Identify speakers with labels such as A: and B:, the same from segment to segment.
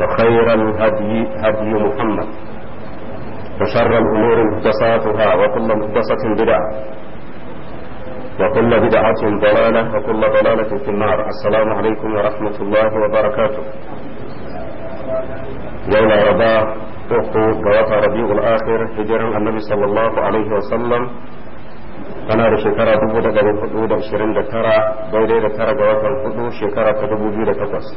A: وخير الهدي هدي محمد وشر الأمور محدثاتها وكل محدثة بدعة وكل بدعة ضلالة وكل ضلالة في النار السلام عليكم ورحمة الله وبركاته يوم رباء أخو جوات ربيع الآخر هجر النبي صلى الله عليه وسلم tana da shekara dubu da ɗari hudu da ashirin da tara daidai da tara ga watan hudu shekara ta dubu biyu da takwas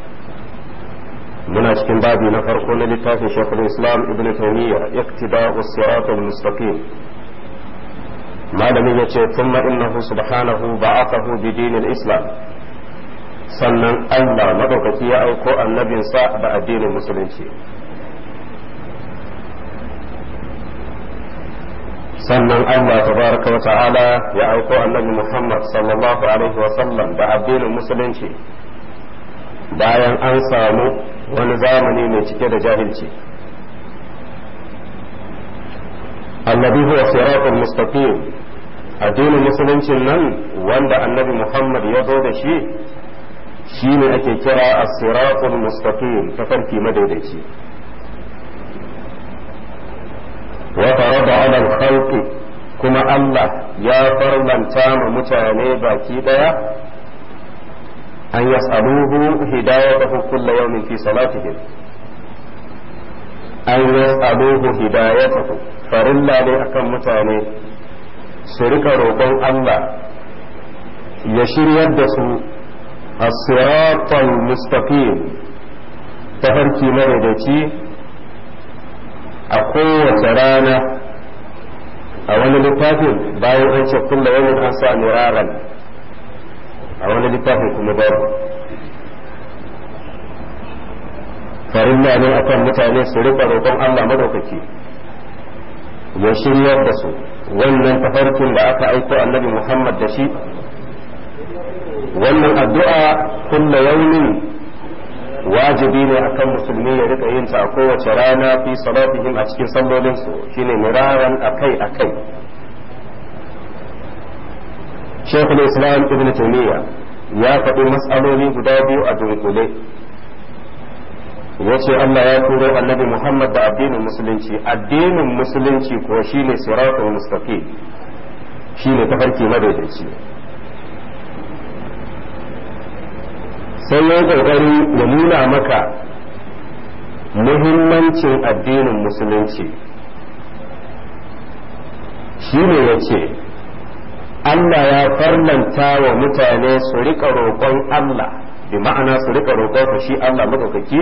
B: muna cikin babi na
A: farko na littafin shekul islam ibn taymiya iktida usirat malamin ya ce thumma innahu subhanahu ba'athahu islam sannan Allah madaukaki ya auko annabinsa da addinin musulunci sannan Allah ta wa ta'ala ya aiko annabi Muhammad sallallahu alaihi wa sallam da addinin musulunci
B: bayan an samu
A: wani zamani mai cike da jahilci
B: annabi huwa siratul
A: mustaqim addinin musuluncin nan wanda annabi muhammad ya zo da shi shi ne ake kira as-siratul mustaqim farki madaidaici wa farada ala al kuma Allah ya farlanta ma mutane baki daya أن يسألوه هدايته كل يوم في صلاتهم أن يسألوه هدايته فرلا لأكم متاني سرك روبون الله يشير يدسو الصراط المستقيم تهركي مردتي أقوة رانا أولا لتاكل بايو أنت كل يوم أنسى مراغا a wani littafin kuma farin na ne akan mutane su riƙa roƙon Allah madaukaki ya shiryar da su wannan tafarkin da aka aiko annabi Muhammad da shi wannan addu'a kulla ne wajibi ne akan musulmi ya rika yin ta a kowace rana fi salatihim a cikin sallolinsu shine miraran akai akai shaykhul islam ibn taymiya ya faɗi matsaloli guda biyu a dunkule ya ce Allah ya turo annabi Muhammad da addinin musulunci addinin musulunci ko shine siratul mustaqim shine tafarki madaidaici sai ya kokari ya nuna maka muhimmancin addinin musulunci shine ya ce Allah ya farlanta wa mutane su rika roƙon Allah bi ma'ana su rika roƙon shi Allah madaukaki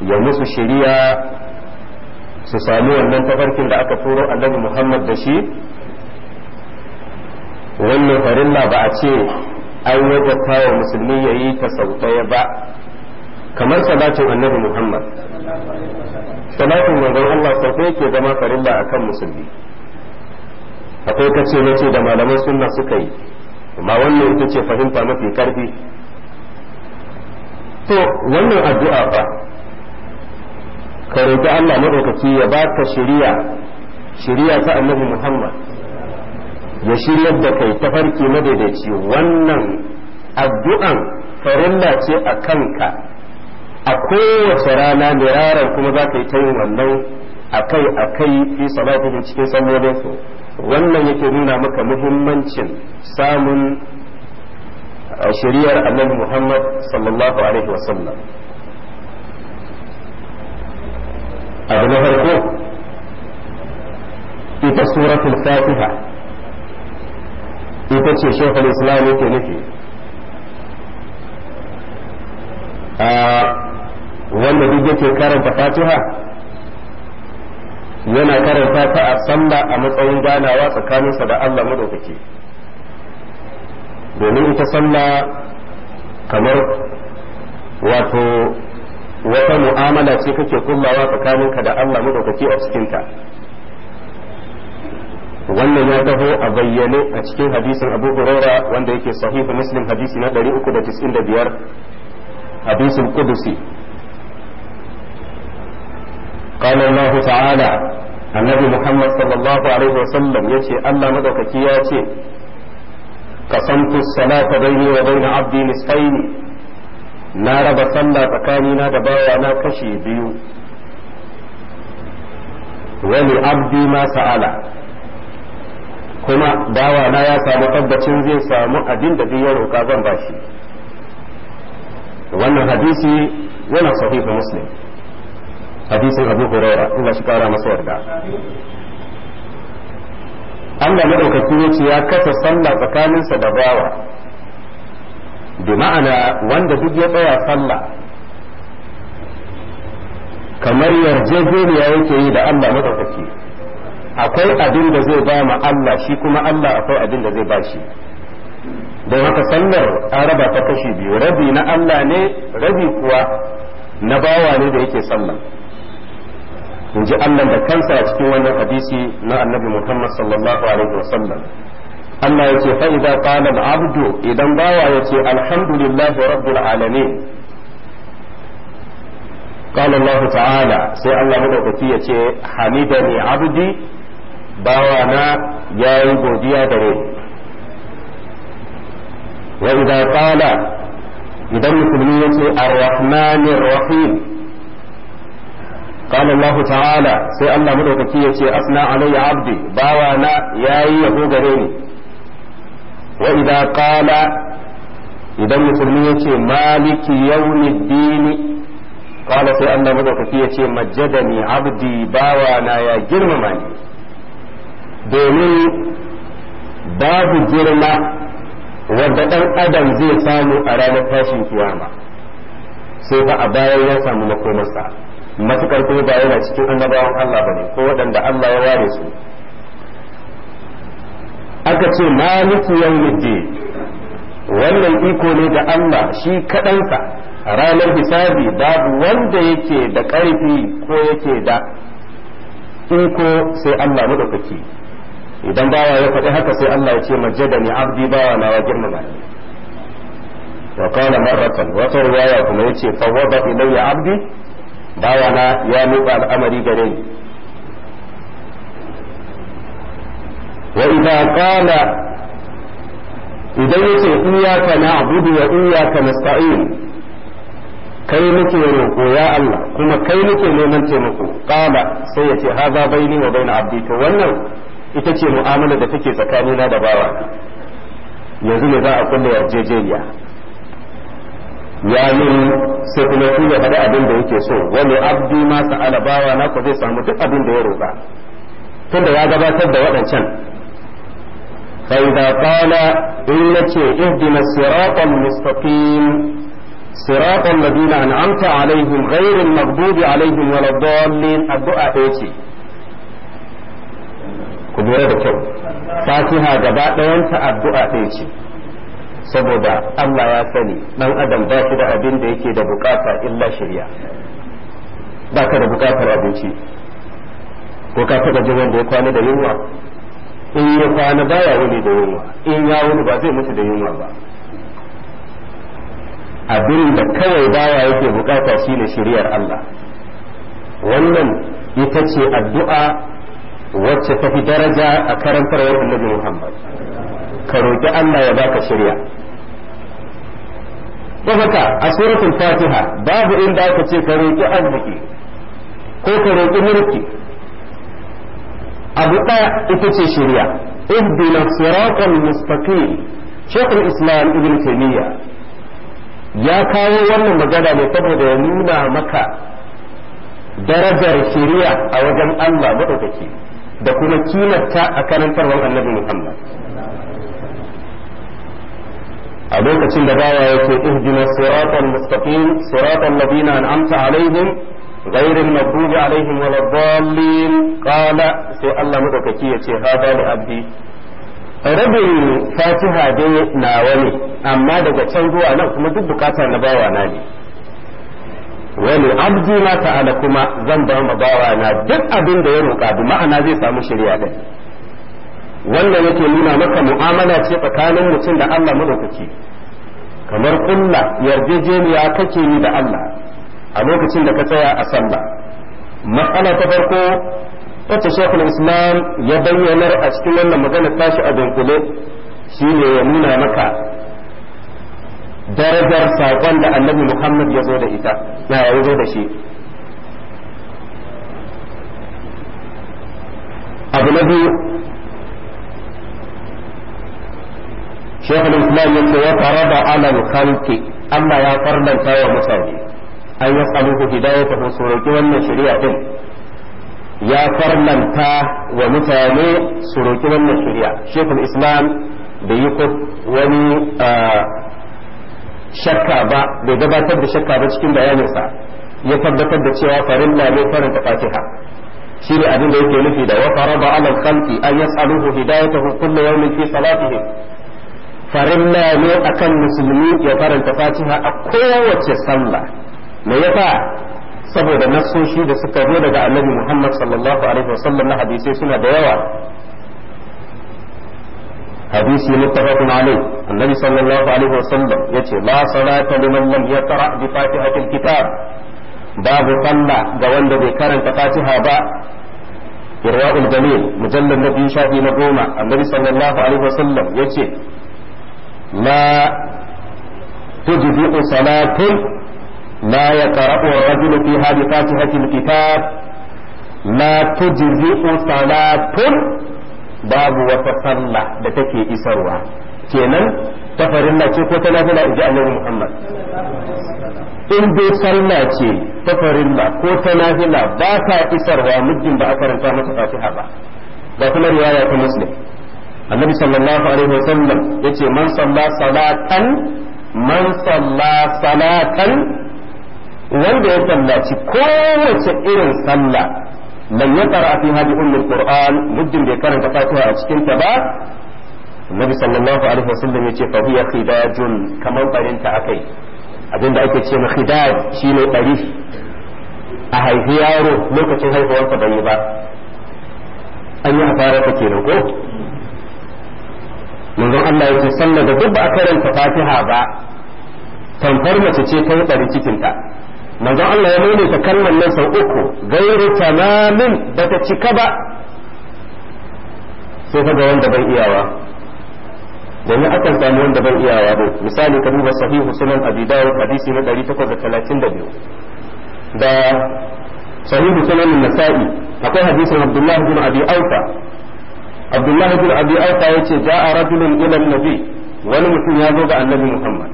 A: ya musu shari'a su sami wannan tafarkin da aka turo annabi Muhammad da shi wannan farilla ba a ce an wajabta wa musulmi ya yi ta sau ɗaya ba kamar salatin annabi Muhammad salatin manzon Allah sau ɗaya ke zama farilla akan musulmi akwai kace ce da malaman sunna suka yi amma wannan ita ce fahimta mafi karfi to wannan addu'a fa ka roƙi Allah madaukaki ya ka shari'a shirya ta Annabi Muhammad ya shiryar da kai ta tafarki madaidaici wannan addu'an farilla ce a kanka a kowace rana miraran kuma za ka yi ta yin wannan akai akai fi salatu cikin sallolinsu wannan yake nuna maka muhimmancin samun uh, shari'ar annabi Muhammad sallallahu alaihi wasallam abu na farko ita suratul fatiha ita ce shekul islam yake nufi a uh, wanda duk yake karanta fatiha yana karanta ta a sallah a matsayin ganawa tsakaninsa da Allah madaukaki domin ita sallah kamar wato wata mu'amala ce kake kullawa tsakaninka da Allah madaukaki a cikinta wannan ya taho a bayyane a cikin hadisin abu hurara wanda yake sahihu muslim hadisi na 395 hadisin kudusi قال الله تعالى annabi Muhammad sallallahu alaihi wasallam ya ce Allah madaukaki ya ce kasantu salata baini wa baina abdi nisfaini na raba sallah tsakanina da bawa na kashe biyu wani abdi ma sa'ala kuma bawa na ya samu tabbacin zai samu abin da ya roka zan bashi wannan hadisi yana sahihu muslim hadisin abu huraira ina shi kara masa yarda Allah madaukaki yace ya kasa sallah tsakaninsa da bawa bi ma'ana wanda duk ya tsaya sallah kamar yarjejeniya yake yi da Allah madaukaki akwai abin da zai ba ma Allah shi kuma Allah akwai abin da zai ba shi don haka sallar an ta kashi biyu rabi na Allah ne rabi kuwa na bawa ne da yake Sallah. in ji Allah da kansa a cikin wannan hadisi na annabi Muhammad sallallahu alaihi wasallam Allah ya ce fa idza abdu idan bawa ya ce alhamdulillahi rabbil alamin qala Allah ta'ala sai Allah madaukaki ya ce hamidani abdi bawa na yayi godiya gare wa idza qala idan musulmi ya ce ar-rahmanir rahim قال الله تعالى سي الله مدوكي يتي أثنى علي عبدي باوانا ياي يهو غريني وإذا قال إذا مسلمي يتي مالك يوم الدين قال سي الله مدوكي يتي مجدني عبدي باوانا يا جرم ماني دوني باب جرم ɗan adam زي سامو a ranar tashin kiyama sai ba a matukar ko ba yana cikin annabawan Allah bane ko waɗanda Allah ya ware su aka ce maliki yawmiddin wannan iko ne da Allah shi kaɗansa ranar hisabi babu wanda yake da ƙarfi ko yake da iko sai Allah madaukaki idan bawa ya faɗi haka sai Allah ya ce majjadani abdi bawa na wa girmama wa kana maratan wata riwaya kuma yace fawwada ilayya abdi bawana ya miƙa al'amari gare ni wa idan qala idan yace iyyaka na'budu wa iyyaka nasta'in kai nake roƙo ya Allah kuma kai nake neman taimako kala sai yace haza baini wa baina abdi to wannan ita ce mu'amala da take tsakanina da bawa yanzu ne za a kulle yarjejeniya ya nuni sai kuma shi ya faɗi abin da yake so wani abdi ma sa'ala bawa na ko zai samu duk abin da ya roƙa tunda ya gabatar da waɗancan sai da qala in yace ihdina siratal mustaqim siratal ladina an'amta alaihim ghayril maghdubi alaihim waladdallin addu'a ɗaya ce ku lura da kyau
B: fatiha gaba
A: ɗayanta addu'a ɗaya ce saboda Allah ya sani dan adam ba shi da abin da yake da bukata illa shirya ba ka da bukatar abinci ko ka taba jin wanda ya kwana da yunwa in ya kwana baya wuni da yunwa in ya wuni ba zai mutu da yunwa ba abin da kawai baya yake bukata shine shiriyar Allah wannan ita ce addu'a wacce ta fi daraja a karantarwar annabi Muhammad ka roƙi Allah ya baka shirya ko haka a suratul fatiha babu inda ka ce ka roƙi arziki ko ka roƙi mulki abu ɗaya ita ce shirya ihdina siratal mustaqim shaykhul islam ibn taymiya ya kawo wannan magana ne saboda ya nuna maka darajar shari'a a wajen Allah maɗaukaki da kuma kimanta a karantarwar annabi Muhammad a lokacin da bawa yake ihdina siratal mustaqim siratal ladina an'amta alaihim ghayril maghdubi sai ولا qala sai Allah الله yace hada li abdi rabbi fatiha dai nawa ne amma daga can zuwa nan kuma duk bukata na bawa na ne wani abdi ma ta'ala kuma zan ba ma bawa na duk abin da ya roƙa bi ma'ana zai samu shirya din wannan yake nuna maka mu'amala ce tsakanin mutum da Allah madaukaki kamar kulla yarjejeniya kake yi da Allah a lokacin da ka tsaya a sallah matsala ta farko wacce shekul islam ya bayyanar a cikin wannan magana tashi a dunkule shi ne ya nuna maka darajar saƙon da annabi muhammad ya zo da ita ya zo da shi abu na biyu shekul islam yace wa farada ala al-khalqi Allah ya farlanta wa mutane an yasaluhu hidayatahu su roki wannan shari'a din ya farlanta wa mutane su roki wannan shari'a shekul islam bai yi wani bai gabatar da shakka ba cikin bayaninsa ya tabbatar da cewa farilla ne faranta fatiha shi ne abin da yake nufi da wa farada ala an farin farilla ne akan musulmi ya faranta fatiha a kowace sallah me ya fa saboda nassoshi da suka zo daga annabi Muhammad sallallahu alaihi wasallam na hadisai suna da yawa hadisi muttafaqun alaihi annabi sallallahu alaihi wasallam yace la salata liman lam yaqra bi fatihatil kitab babu sallah ga wanda bai karanta fatiha ba irwaul jalil mujallal na biyu shafi na goma annabi sallallahu alaihi wasallam yace لا تجزئ صلاة لا يقرأ الرجل فيها بفاتحة الكتاب لا تجزئ صلاة باب وتصلى لتكي إسروا كينا تفر الله تشوف وتنافلا إجاء النبي محمد إن dai صلى ce ta farilla ko ta nafila ba ta isarwa muddin ba a karanta mata fatiha annabi sallallahu alaihi wasallam yace man salla salatan man salla salatan wanda ya sallaci kowace irin sallah lan yaqra fi hadi ummul qur'an muddin bai karanta fatiha a cikin ta ba annabi sallallahu alaihi wasallam yace fa huwa khidajun kamar barinta akai abinda ake ce ma khidaj shine bari a haifi yaro lokacin haihuwarsa bai yi ba an yi hasara ta kenan ko manzon Allah ya ce sallar da duk ba a karanta fatiha ba tamfar mace ce ta bari cikinta manzon Allah ya nuna ta kalmar nan sau uku gairu tamamin ba ta cika ba sai ka ga wanda bai iyawa domin akan samu wanda bai iyawa ba misali ka duba sahihu sunan abi dawud hadisi na 832 da sahihu sunan nasa'i akwai hadisin abdullahi bin abi aufa abdullahi bin abi aufa yace ja'a rajulun ila annabi wani mutum ya zo ga annabi muhammad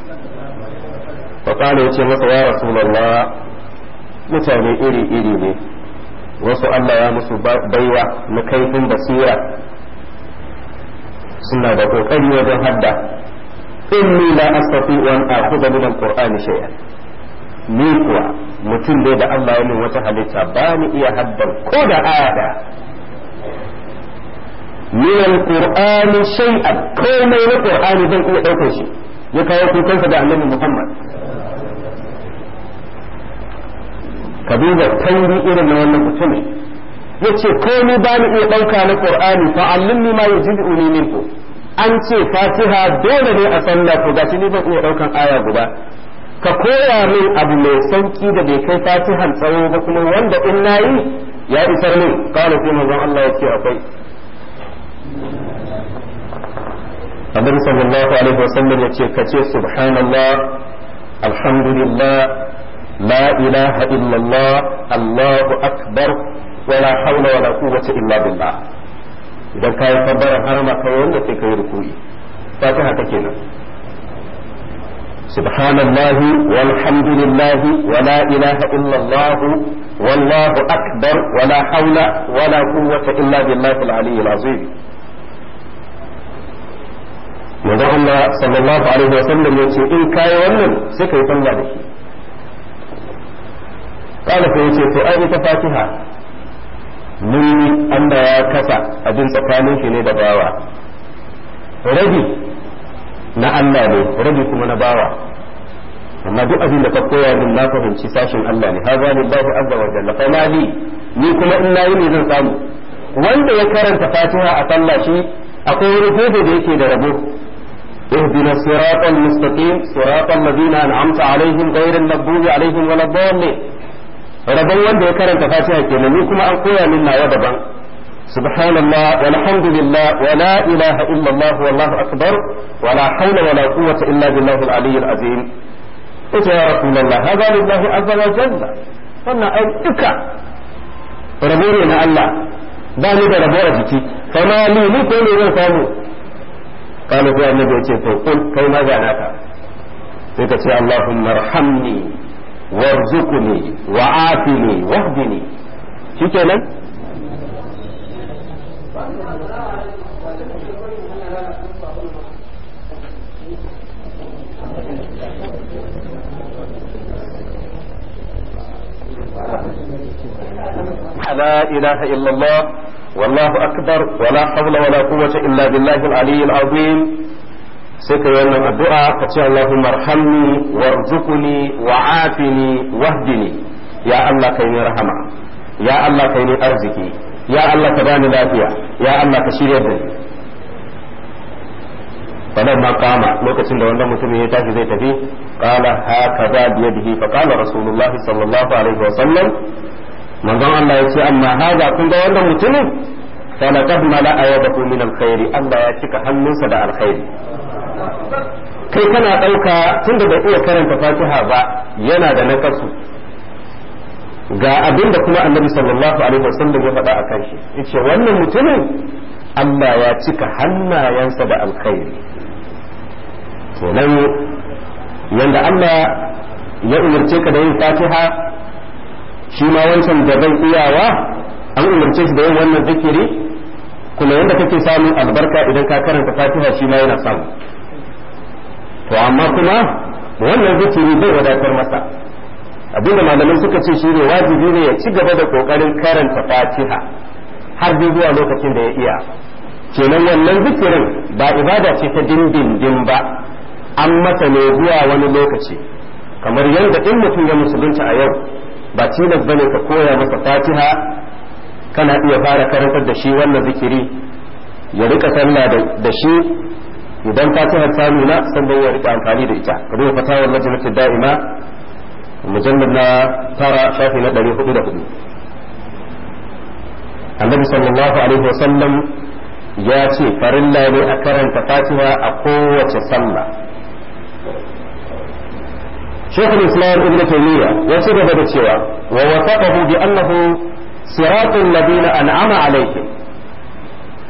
A: fa qala yace masa ya rasulullah mutane iri iri ne wasu Allah ya musu baiwa na kaifin basira suna da kokari wajen hadda inni la astati'u an akhudha min al-qur'ani shay'an ni kuwa mutum dai da Allah ya min wata halitta ba ni iya haddan ko da aya min alqur'ani shay'an komai na qur'ani zan iya daukar shi ya kawo kukansa da annabi muhammad ka duba tangi irin na wannan mutumin yace komai ba ni iya ɗauka na qur'ani fa allimni ma yajidu minkum an ce fatiha dole ne a sallah to gashi ni ban iya ɗaukan aya guda ka koya min abu mai sauki da bai kai fatihan tsawo ba kuma wanda in nayi ya isar min kawai sai manzon Allah ya ce akwai annabi sallallahu alaihi wasallam yace kace subhanallah alhamdulillah la ilaha illallah allahu akbar wala hawla wala quwwata illa billah idan kai kabbara harama kai wanda sai kai ruku'i fatiha kake nan سبحان الله والحمد لله ولا إله إلا الله والله أكبر ولا حول ولا قوة إلا بالله العلي العظيم manzo Allah sallallahu alaihi wa sallam ya ce in kai wannan sai kai sallah da shi kana sai yace to ai ita fatiha mun Allah ya kasa abin tsakanin shi ne da bawa rabi na Allah ne rabi kuma na bawa amma duk abin da ka koya min na fahimci sashin Allah ne haza ne babu azza wa jalla fa ma li ni kuma in nayi ne zan samu wanda ya karanta fatiha a sallah shi akwai wani gobe da yake da rabo اهدنا الصراط المستقيم صراط الذين أنعمت عليهم غير المغضوب عليهم ولا الضالين rabon wanda ya karanta fatiha kenan ni kuma an koya min nawa daban subhanallah walhamdulillah wala ilaha illallah wallahu akbar wala hawla wala quwwata illa billahi al-aliyyil ita ya rasulullah hada lillahi azza wa jalla wannan ai duka ne na Allah ba ni da rabo a jiki fa ma ni ne samu قالوا يا قال هو النبي قل كي ماذا نفع فكتي اللهم ارحمني وارزقني وعافني واهدني شكرا
B: لا اله الا الله wallahu akbar wala hawla wala quwwata illa
A: billahi al-ali al sai ka yi addu'a ka ce Allahumma arhamni warzuqni wa'afini wahdini ya Allah kai ni rahama ya Allah kai ni arziki ya Allah ka bani lafiya ya Allah ka shirya da ni fadan lokacin da wannan mutumin ya tashi zai tafi bi manzon Allah ya ce amma haza kun ga wannan mutumin falaqad mala'a da min alkhairi Allah ya cika hannunsa da alkhairi kai kana ɗauka tunda bai iya karanta fatiha ba yana da nakasu ga abinda kuma annabi sallallahu alaihi wasallam ya faɗa akan shi yace wannan mutumin Allah ya cika hannayensa da alkhairi nan yanda Allah ya umarce ka da yin fatiha shi ma wancan da zan iyawa an umarce shi da yin wannan zikiri kuma yadda kake samun albarka idan ka karanta fatiha shi ma yana samu to amma kuma wannan zikiri bai wadatar masa abinda malamai suka ce shi ne wajibi ne ya ci gaba da kokarin karanta fatiha har zuwa lokacin da ya iya kenan wannan zikirin ba ibada ce ta dindindin ba an masa ne zuwa wani lokaci kamar yadda in mutum ya musulunta a yau ba tilas bane ka koya masa fatiha kana iya fara karantar da shi wannan zikiri ya rika sallah da shi idan fatihar ta nuna sannan ya rika amfani da ita ka duba fatawar majalisar da'ima mujallad na tara shafi na 404 annabi sallallahu alaihi wasallam ya ce farilla ne a karanta fatiha a kowace sallah شيخ الإسلام ابن تيمية وسبب بتشوى ووثقه بأنه صراط الذين أنعم عليهم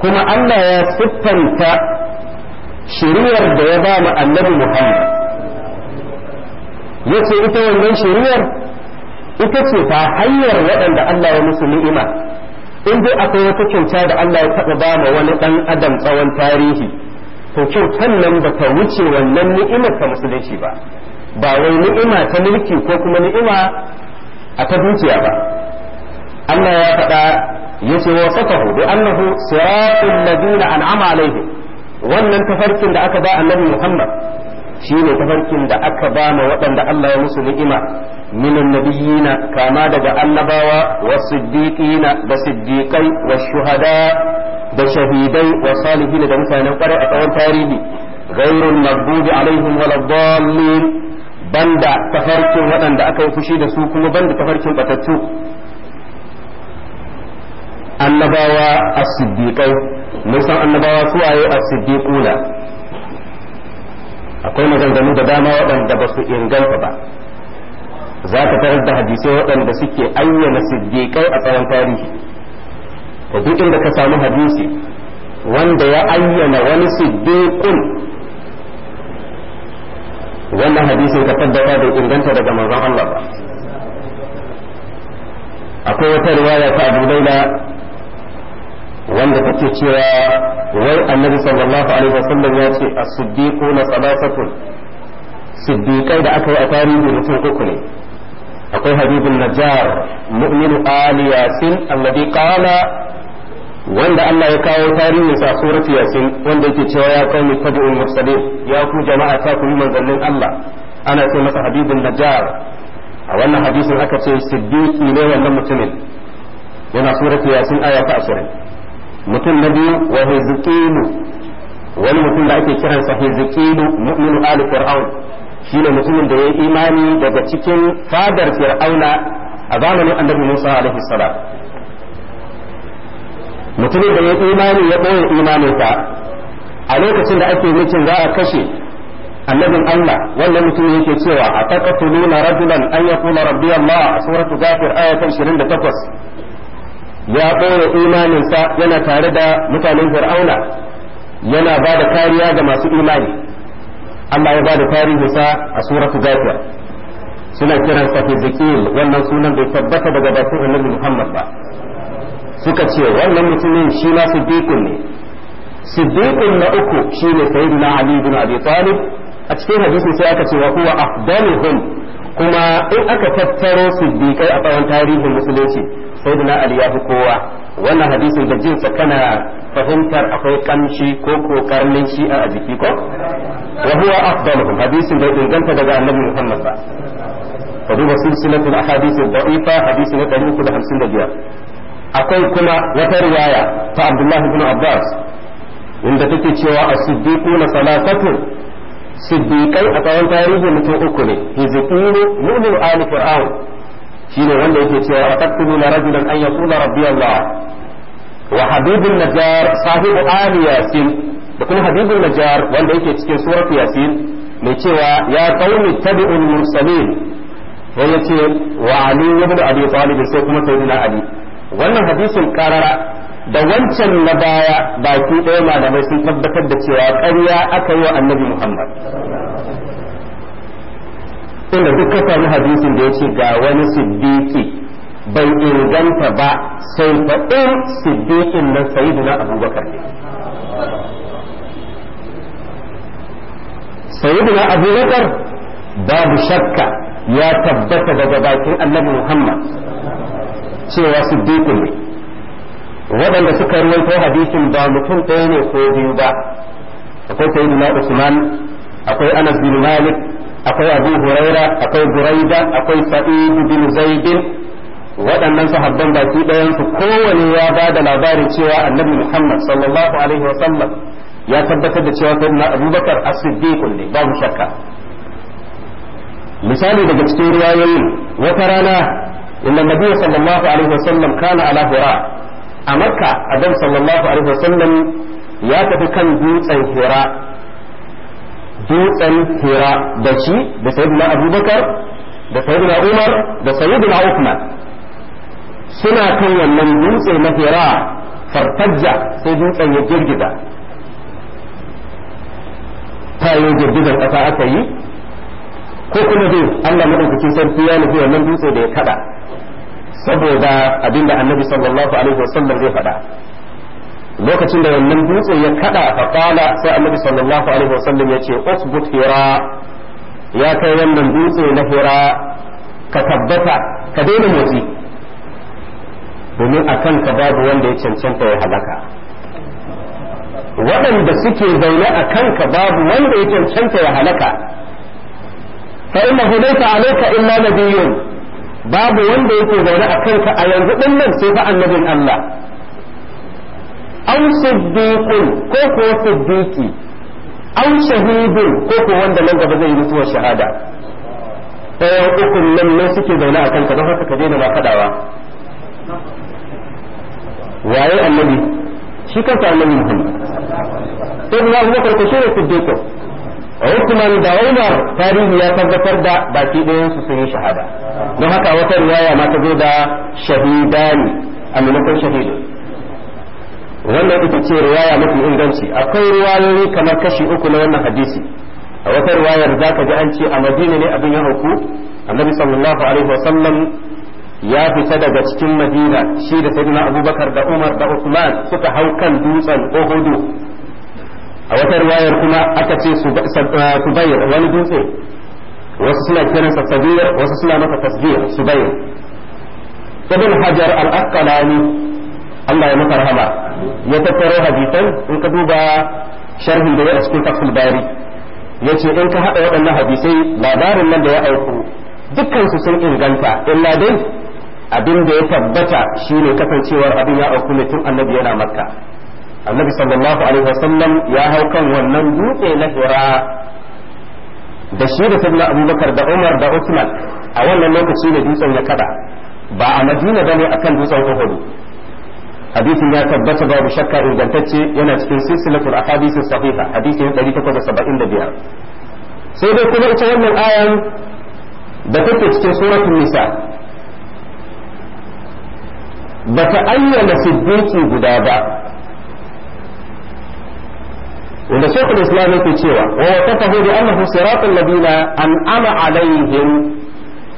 A: كما أن يسفنت شرير بيبان النبي محمد yace ita wannan shari'ar ita ce ta hanyar waɗanda Allah ya musu ni'ima in dai akwai wata kyauta da Allah ya taɓa ba ma wani ɗan adam tsawon tarihi to kyautan nan ba ta wuce wannan ni'imar ta musulunci ba ba wai ni'ima ta mulki ko kuma ni'ima a ta dukiya ba Allah ya faɗa yace wa safahu bi annahu siratul ladina an'ama alaihim wannan tafarkin da aka ba annabi Muhammad shine tafarkin da aka ba ma waɗanda Allah ya musu ni'ima minan nabiyina kama daga annabawa wa siddiqina da siddiqai wa shuhada da shahidai wa salihin da mutanen kwarai a tsawon tarihi ghairul maghdubi alaihim waladdallin banda tafarkin waɗanda aka yi fushi da su kuma banda tafarkin batattu annabawa as-siddiqai mun san annabawa su waye as akwai maganganu da dama waɗanda ba su inganta ba za ka tarar da hadisai waɗanda suke ayyana siddiqai a tsawon tarihi Ka duk inda ka samu hadisi wanda ya ayyana wani siddiƙun wannan hadisin ka tabbata da inganta daga manzon Allah akwai wata riwaya ta Abu Laila wanda take cewa wai Annabi sallallahu alaihi wasallam ya ce as-siddiquna salasatun siddiqai da aka yi a tarihi mutum uku ne akwai habibun najjar mu'minu ali yasin alladhi qala wanda Allah ya kawo tarihin sa suratu yasin wanda yake cewa ya kawo tabi'ul mursalin ya ku jama'a ta ku manzannin Allah ana ce masa habibun najjar a wannan hadisin aka ce siddiqi ne wannan mutumin yana suratu yasin aya ta 20 mutum na biyu wa hizqilu wani mutum da ake kiransa hizqilu mu'minu ali fir'aun shine mutumin da ya imani daga cikin fadar fir'auna a zamanin annabi Musa alaihi salam mutumin da ya imani ya ɓoye imaninsa a lokacin da ake mikin za a kashe annabin Allah wannan mutum yake cewa a taqatuluna rajulan an kuma rabbi Allah a suratu ghafir aya 28 ya ɓoye imaninsa yana tare da mutanen fir'auna yana ba da kariya ga masu imani Allah ya ba da tarihinsa a suratu ghafir suna kiransa fi wannan sunan bai tabbata daga bakin annabi Muhammad ba suka ce wannan mutumin shi na siddiqun ne siddiqun na uku shi shine sayyidina ali bin abi talib a cikin hadisin sai aka ce wa huwa afdaluhum kuma in aka tattaro siddiqai a tsawon tarihin musulunci sayyidina ali ya fi kowa wannan hadisin da jin sa kana fahimtar akwai kamshi ko kokarin shi a jiki ko wa huwa afdaluhum hadisin da inganta daga annabi muhammad ba ka duba silsilatul ahadith ad-da'ifa hadisi na 355 akwai kuma wata riwaya ta abdullahi bin abbas inda take cewa a as na salasatun siddiqai a tsawon tarihi mutum uku ne hizqiru mu'minu ali fir'aun shine wanda yake cewa aqtulu rajulan an yaqula rabbi allah wa najjar sahibu ali yasin da kuma najjar wanda yake cikin suratu yasin mai cewa ya qaumi tabi'ul mursalin wanda ce wa ali ibn abi talib sai kuma sayyidina ali wannan hadisin karara
B: da wancan na baya baki ɗaya malamai sun tabbatar da cewa ƙarya aka yi wa annabi
A: muhammad inda duk ka samu hadisin da ya ce ga wani siddiki bai inganta ba sai faɗin siddiƙin nan sayidina abubakar ne sayidina abubakar babu shakka ya tabbata daga bakin annabi muhammad cewa siddiqu ne waɗanda suka ruwaito hadisin ba mutum ɗaya ne ko biyu ba akwai sayyidina usman akwai anas bin malik akwai abu huraira akwai buraida akwai sa'id bin zaid waɗannan sahabban baki ɗayan su kowane ya ba da labarin cewa annabi muhammad sallallahu alaihi wa sallam ya tabbatar da cewa na abubakar as-siddiq ne babu shakka misali daga cikin riwayoyin wata rana inna nabiyyu sallallahu alaihi wasallam kana ala hura a makka adam sallallahu alaihi wasallam ya tafi kan dutsen hura dutsen hura da shi da sayyidina abubakar da sayyidina umar da sayyidina uthman suna kan wannan dutse na hura farfajja sai dutsen ya girgiza ta yi ƙasa aka yi ko kuma dai Allah madaukakin sarki ya nufi wannan dutse da ya kada saboda abinda annabi sallallahu alaihi wasallam zai faɗa lokacin da wannan dutse ya kada fa qala sai annabi sallallahu alaihi wasallam ya ce usbut hira ya kai wannan dutse na hira ka tabbata ka daina motsi domin akan ka babu wanda ya cancanta ya halaka waɗanda suke zaune a kanka babu wanda ya cancanta ya halaka fa innahu laysa alayka illa nabiyyun babu wanda yake zaune a kanka a yanzu din nan sai fa annabin Allah aw siddiqun ko ko siddiqi aw shahidun ko ko wanda nan gaba zai yi mutuwar shahada ɗayan ukun nan suke zaune a kanka don haka ka daina ba fadawa waye shi Usman da Umar tarihi ya tabbatar da baki ɗayansu sun yi shahada don haka wata riwaya ma ta zo da shahidani a maimakon shahidu wannan ita ce riwaya mafi inganci akwai riwayoyi kamar kashi uku na wannan hadisi a wata riwayar za ka ji an ce a madina ne abin ya hauku annabi sallallahu alaihi wasallam ya fita daga cikin madina shi da sayyidina abubakar da umar da usman suka hau kan dutsen ohudu a wata riwayar kuma aka ce uh, subayir wani dutse wasu suna sa sabir wasu suna masa tasbir subayir ibn hajar al-asqalani Allah ya maka rahama ya tattaro hadisan in ka duba sharhin da ya a cikin fathul bari yace in ka hada waɗannan hadisai labarin nan da ya auku dukkan su sun inganta illa dai abin da ya tabbata shine kasancewar abin ya auku ne tun annabi yana makka annabi sallallahu alaihi wasallam ya hau kan wannan dutse na hira da shi da sabna abubakar da umar da usman a wannan lokaci da dutsen ya kada ba a madina bane akan dutsen uhud hadisin ya tabbata babu shakka ingantacce yana cikin silsilatul ahadith sahiha hadisin 1875 sai dai kuma ita wannan ayan da take cikin suratul nisa bata ayyana siddiqi guda ba wanda shekul islam yake cewa wa waqafahu bi annahu siratal ladina an'ama alaihim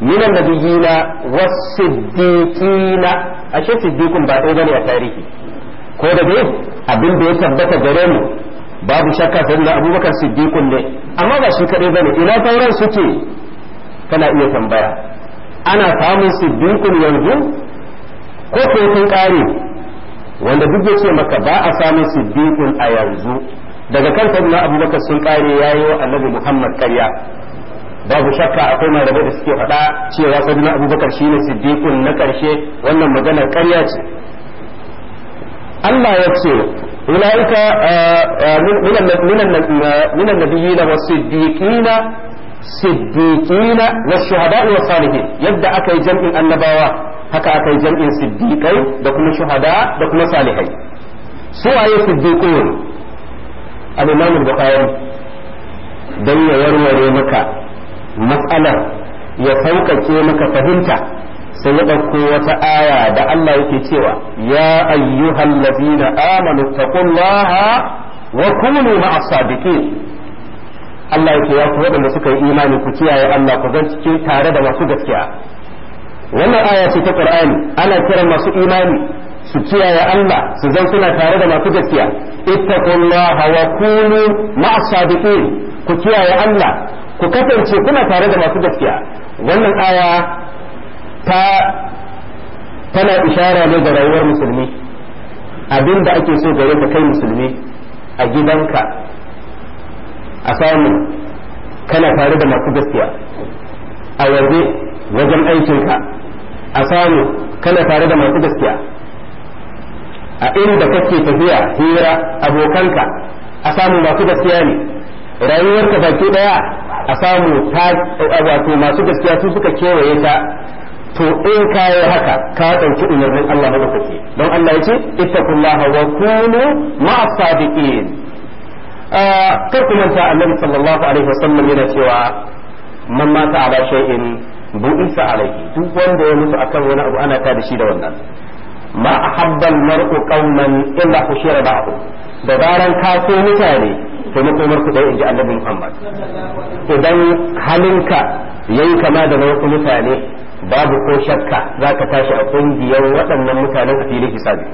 A: min annabiyina was-siddiqina ashe siddiqun ba dai bane a tarihi ko da dai abin da ya tabbata gare mu babu shakka sai da abubakar siddiqun ne amma ba shi kadai bane ina sauran suke kana iya tambaya ana samun siddiqun yanzu ko ko tun kare wanda duk ya ce maka ba a samun siddiqun a yanzu daga kan sayyidina abubakar sun kare yayi wa annabi muhammad karya babu shakka akwai malamai da suke faɗa cewa sayyidina abubakar shine siddiqun na karshe wannan maganar karya ce Allah ya ce أولئك na النبيين والصديقين siddiqina wa shuhada'i wa salihin yadda aka yi jam'in annabawa haka aka yi jam'in siddiqai da kuma shuhada da kuma salihai su waye siddiqun al-imam bukhari dan ya warware maka matsalar ya sauƙaƙe maka fahimta sai ya ɗauko wata aya da Allah yake cewa ya ayyuhal ladina amanu taqullaha wa kunu ma'as sadiqin Allah yake ya ku waɗanda suka yi imani ku kiyaye Allah ku zan cikin tare da masu gaskiya wannan aya ce ta Qur'ani ana kiran masu imani su kiyaye Allah su zan suna tare da masu gaskiya ittaqullaha wa kunu ma'as sadiqin ku kiyaye Allah ku kasance kuna tare da masu gaskiya wannan aya ta tana ishara ne ga rayuwar musulmi abinda ake so gare ka kai musulmi a gidanka a samu kana tare da masu gaskiya a waje wajen aikinka a samu kana tare da masu gaskiya a inda kake tafiya hira abokanka a samu masu gaskiya ne rayuwarka baki daya a samu ta wato masu gaskiya su suka kewaye ta to in ka yi haka ka ɗauki umarnin Allah kake don Allah ya ce ittaqullaha wa kunu ma'as sadiqin kar ku manta Annabi sallallahu alaihi wasallam yana cewa man mata ala shay'in bu'isa alaihi duk wanda ya mutu akan wani abu ana ta da shi da wannan ma ahabbal mar'u qauman illa hushira ba'du da daren ka so mutane to kuma ku dai inji annabi Muhammad idan halinka yayi kama da wasu mutane babu ko shakka zaka tashi a kungiyar waɗannan mutanen a filin hisabi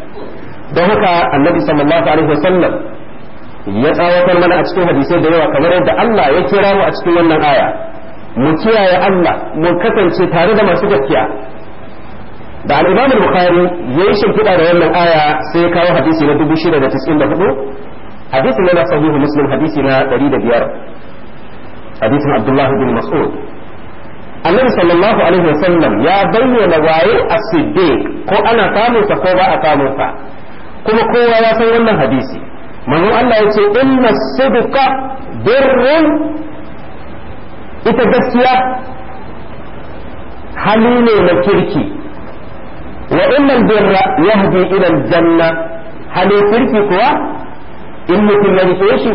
A: don haka annabi sallallahu alaihi wasallam ya tsawatar mana a cikin hadisai da yawa kamar yadda Allah ya kira mu a cikin wannan aya mu kiyaye Allah mu kasance tare da masu gaskiya da al-Imam al-Bukhari yayi shimfiɗa da wannan aya sai ya kawo hadisi na 694 hadisi na sahihu Muslim hadisi na 105 hadisin Abdullah bin Mas'ud Annabi sallallahu alaihi wasallam ya bayyana waye as-siddiq ko ana samun sa ko ba a samun sa kuma kowa ya san wannan hadisi manzon Allah ya ce inna sidqa birrun ita gaskiya hali ne na kirki wa innal birra yahdi ila aljanna halin kirki kuwa in mutum ya rike shi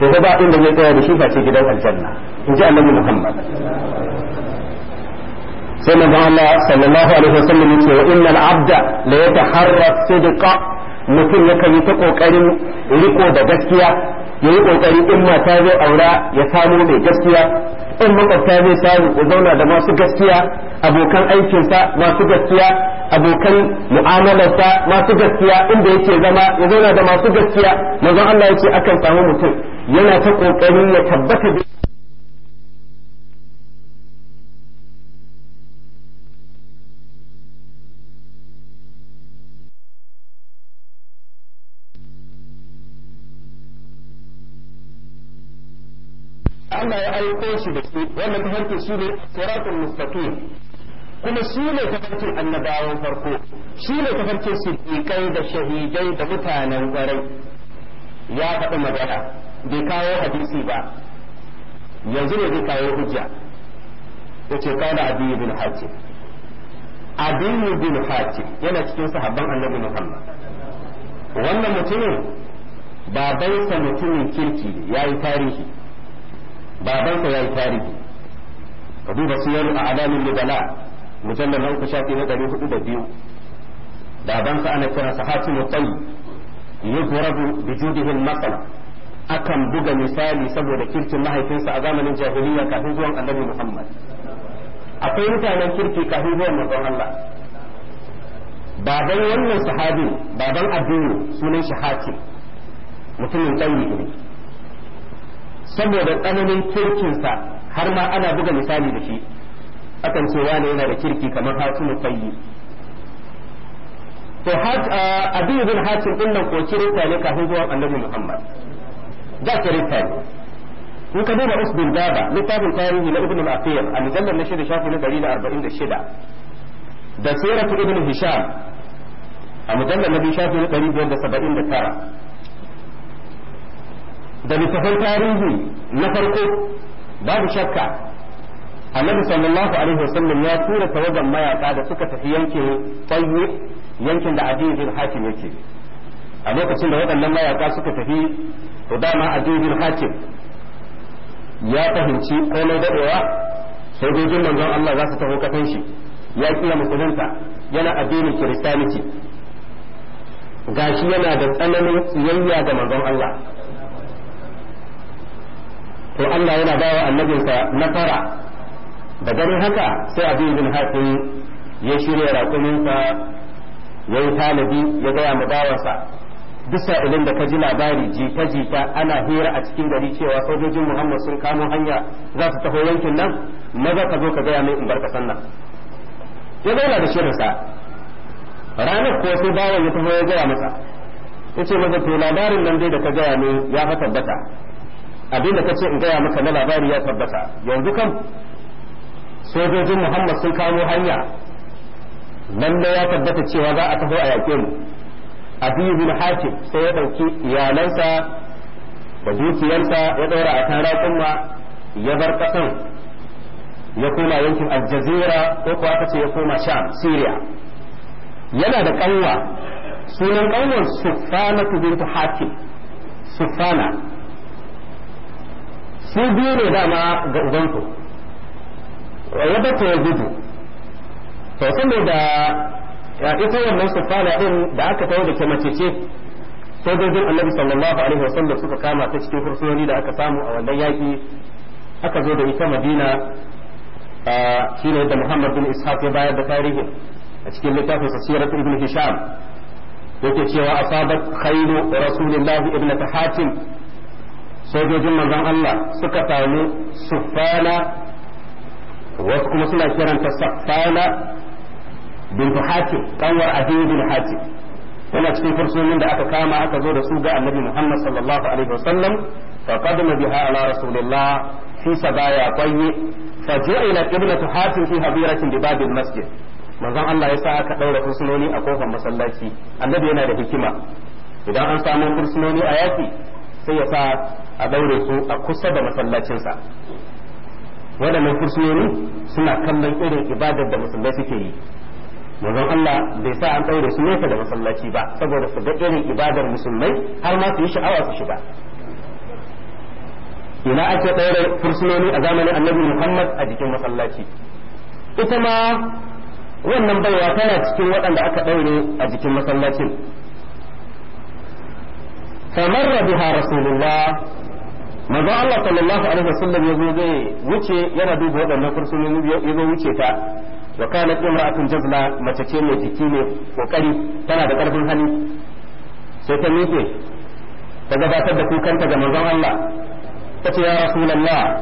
B: to ga ba inda zai tsaya da shi face gidan aljanna in ji annabi muhammad sai manzon Allah sallallahu alaihi wasallam yace wa innal abda
A: la yataharra sidqa mutum yakan yi ta kokarin riko da gaskiya ya yi kokari in mata zai aura ya samu mai gaskiya in makwabta zai samu ya zauna da masu gaskiya abokan aikinsa masu gaskiya abokan mu'amalarsa masu gaskiya inda yake zama ya zauna da masu gaskiya manzon Allah yace akan samu mutum yana ta kokari ya tabbata
B: da Allah ya aiko shi da su wannan tafarki shi ne
A: siratul mustaqim kuma shi ne tafarkin annabawan farko shi ne tafarkin siddiƙai da shahidai da mutanen ƙwarai ya faɗi magana bai kawo hadisi ba yanzu ne zai kawo hujja ya ce kawo bin hajji abi bin hajji yana cikin sahabban annabi muhammad wannan mutumin babansa mutumin kirki ya yi tarihi babansa ya yi tarihi ka duba siyar a alamin libala mujallar na uku shafi na ɗari hudu da biyu babansa ana kira sahatu mutai yuzrabu bi judihi al akan buga misali saboda kirkin mahaifinsa a zamanin jahiliya kafin zuwan annabi Muhammad akwai mutanen kirki kafin zuwan manzon Allah baban wannan sahabi baban addini sunan shi hatim mutumin tsayi ne saboda tsananin kirkinsa har ma ana buga misali da shi akan ce wani yana da kirki kamar hatimu fayyi to uh, abin bin hatim din nan ko kirista ne kafin zuwa annabi muhammad da kirista ne in ka duba usbin daba littafin tarihi na ibn al-afir a mujallar na shida shafi na 146 da siratu ibn hisham a mujallar na biyu shafi na 579 da littafin tarihi na farko babu shakka annabi sallallahu alaihi wasallam ya tura tawagan mayaka da suka tafi yankin tayyib yankin da adi bin yake a lokacin da waɗannan mayaka suka tafi to dama adi bin ya fahimci ko komai dadewa sojojin manzon Allah za su taho kafin shi ya kiya musulunta yana addinin kiristaniti gashi yana da tsananin tsiyayya ga manzon Allah to Allah yana bawa annabinsa nasara da ganin haka sai abin bin ya shirya raƙuminsa ya yi talibi ya gaya mu bawansa bisa sa'ilin da ka ji labari jita-jita ana hira a cikin gari cewa sojojin muhammad sun kamo hanya za su taho yankin nan maza ka zo ka gaya mai in barka sannan ya zauna da shirinsa ranar ko sai bawan ya taho ya gaya masa ya ce maza to labarin nan dai da ka gaya ne ya fa tabbata abin da ka ce in gaya maka na labari ya tabbata yanzu kam sojojin muhammad sun kamo hanya lalle ya tabbata cewa za a taho a yaƙe mu abiyu bin sai ya ɗauki iyalansa da dukiyarsa ya ɗora a kan raƙumma ya bar ƙasan ya koma yankin aljazira ko kuwa aka ce ya koma sham syria yana da ƙanwa sunan ƙanwar sufana bintu hakim sufana su biyu ne dama ga ubanku ya bata ya gudu to ya ita wannan sufana din da aka tawo da ke mace ce sojojin annabi sallallahu alaihi wasallam suka kama ta cikin fursunoni da aka samu a wannan yaki aka zo da ita madina shi ne da muhammad bin ishaq ya bayar da tarihin a cikin littafin sa sirat ibn hisham yake cewa asabat khairu rasulillah ibn hatim sojojin manzon Allah suka samu sufana wasu kuma suna kiranta safaila bintu hatim kanwar adiyu bin hatim tana cikin fursunin da aka kama aka zo da su ga annabi muhammad sallallahu alaihi wasallam fa qadama biha ala rasulillah fi sabaya qayyi fa ju'ila qiblatu hatim fi habiratin bi babil masjid manzon Allah ya sa aka daura fursunoni a kofar masallaci annabi yana da hikima idan an samu fursunoni a yaki sai ya sa a daure su a kusa da masallacinsa waɗannan kursiyoyi suna kallon irin ibadar da musulmai suke yi manzon Allah bai sa an ɗaure su nesa da masallaci ba saboda su ga irin ibadar musulmai har ma su yi sha'awa su shiga ina ake ɗaure fursunoni a zamanin annabi Muhammad a jikin masallaci ita ma wannan baiwa tana cikin waɗanda aka ɗaure a jikin masallacin Rabi biha rasulullah manzo Allah sallallahu alaihi wasallam ya zo zai wuce yana duba waɗannan fursunonin ya zo wuce ta wa kana imra'atun jazla mace ce mai jiki ne kokari tana da karfin hali sai ta miƙe ta gabatar da kukanta ga manzon Allah ta ce ya rasulullah